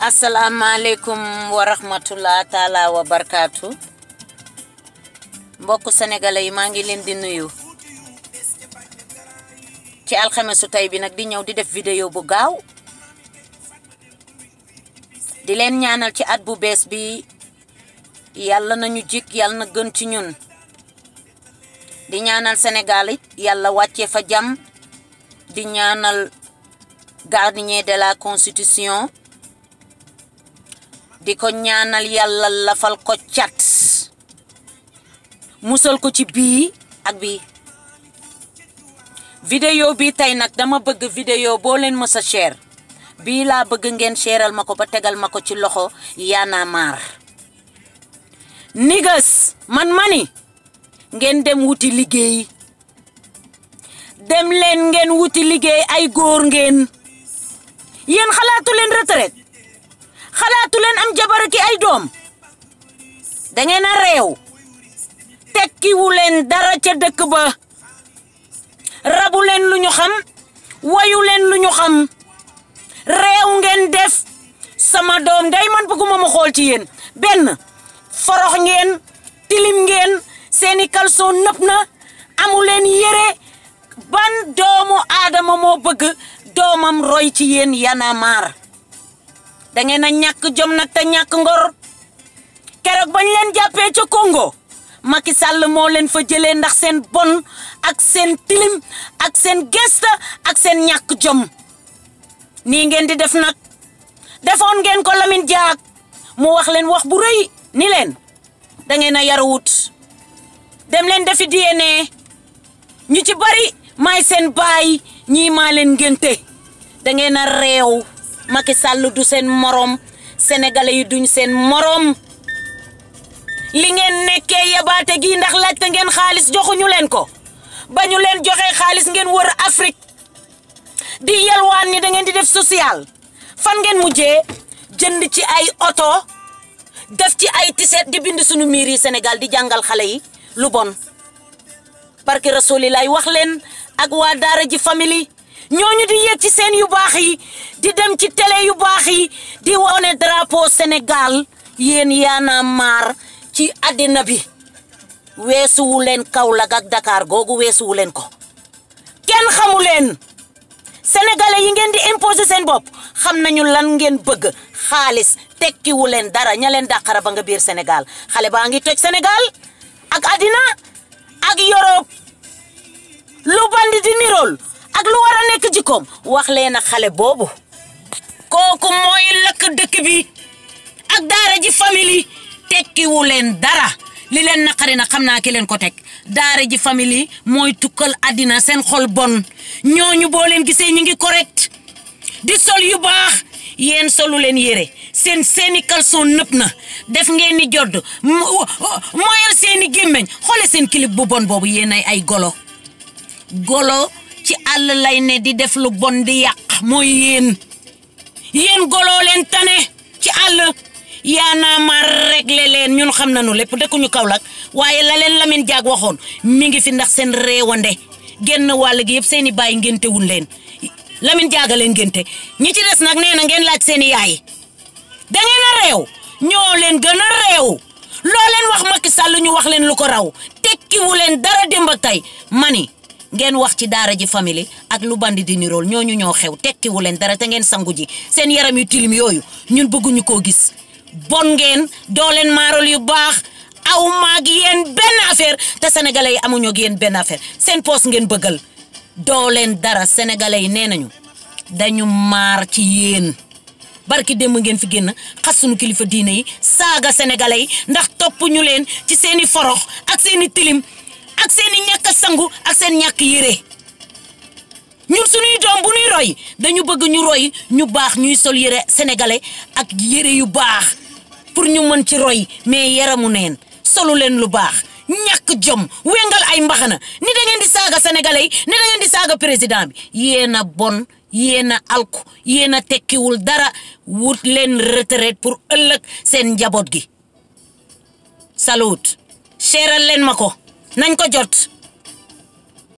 Assalamualaikum warahmatullahi taala wabarakatuh. mbokk sénégalais yi maa ngi leen di nuyu ci alxamesu tay bi nak di ñew di def vidéo bu gaaw di leen ñaanal ci at bu bees bi yalla nañu jik yalla na gën ci ñun di ñaanal sénégal fa jam di ñaanal gardien de la constitution di ko ñaanal yàlla lafal ko chat musal ko ci bi ak bi video bi tay nak dama bëgg video bo leen mës a share bila la bëgg ngeen seeral mako ba tegal ma ci loxo yaana mar niggas man mani ngeen dem wuti liggey dem leen ngeen wuti liggey ay góor ngeen yeen xalaatu leen retraite xalaatu leen am jabar ki ay doom dangeen a réew tekkiwu dara ca dëkk ba rabu leen lu ñu xam wayu lu ñu xam réew ngeen def sama doom day man bëgguma ma xool ci yéen benn forox ngeen tilim ngeen seeni kalson nëpp na amu leen yére ban doomu aadama moo bëgg doomam roy ci yéen yana dangeen a ñàkk jom nag te ñàkk ngor keroog bañ leen jàppee ca maki Macky Sall moo leen fa jëlee ndax seen bon ak seen tilim ak seen gesta ak seen ñàkk jom nii ngeen di def nag defoon ngeen ko lamin Diack mu wax leen wax bu rëy ni leen da a yaruwut dem leen defi DNA ñu ci bari maay seen baay ñii maleen leen ngénte dangeen a réew Macky Sall du sen morom sénégalais yu duñ sen morom li ngeen nekké yabaté gi ndax ta ngeen joxu ñu len ko ba ñu leen joxee ngeen wër Afrique di yalwaan ni da ngeen di def social fan ngeen mujjé jënd ci ay auto, def ci ay tiset di bind suñu miri Sénégal di jangal xalé yi lu bon parce que wax len ak wa dara ji family ñoñu di yéeg ci seen yu bax yi di dem ci télé yu bax yi di woné drapeau Sénégal yéen yana mar ci adina bi weesuwu leen Kaolack ak Dakar googu wu len ko kenn xamu leen sénégalais yi ngeen di imposer seen bop xam nañu lan ngeen bëgg tekki wu len dara ña leen dàqara ba nga biir Sénégal xalé ba nga Sénégal ak adina ak Europe lu bandi di nirool ak lu war a nekk jikkoom wax leen a xale boobu kooku mooy lëkk dëkk bi ak daara ji famille tekkiwu leen dara li leen naqari na xam naa ki leen ko teg daara ji famille mooy tukkal àddina seen xol bon ñooñu boo gisee ñu ngi correct di sol yu baax yéen solu leen yére seen seeni kalson nëpp na def ngeen ni jodd moyal seeni gémmeñ xoole seen kilip bu bon boobu yéen ay ay golo ci àll lay ne di def lu bon di yàq mooy yéen yéen goloo leen tane ci àll yaanaa ma réglé leen ñun xam nañu lépp kaw Kaolack waaye la leen Lamine Diack waxoon mi ngi fi ndax seen réewande genn wàll gi yëpp seen i baay ngéntewul leen Lamine Diack leen ngénte ñi ci des nag nee na ngeen laaj seen i yaay da ngeen a réew ñoo leen gën a réew loo leen wax Macky Sall ñu wax leen lu ko raw tekkiwu leen dara démb a tey mani ngeen wax ci daara ji famille ak lu bandi di nirool ñooñu ñoo xew tekkiwu leen dara te ngeen sangu ji seen yaram yu tilim yooyu ñun bëgguñu koo gis bon ngeen doo leen maaral yu baax aw maag yéen benn affaire te sénégalais amuñu ak yéen affaire seen ngeen bëggal dara sénégalais yi nee nañu dañu maar ci yéen barki démb ngeen fi génn xas sunu kilifa diine yi saaga sénégalais ndax ñu ci seeni forox ak seeni tilim ak seen i ñàkk sangu ak seen ñàkk yére ñun suñuy doom bu ñuy roy dañu bëgg ñu roy ñu baax ñuy sol yére sénégalais ak yére yu baax pour ñu mën ci roy mais yaramu neen solu leen lu baax ñàkk jom wengal ay mbaxana ni da ngeen di saaga sénégalais ni da ngeen di saaga président bi yéen a bon yéen a alku yéen a tekkiwul dara wut leen retraite pour ëllëg seen njaboot gi salut seeral leen ma ko nañ ko jot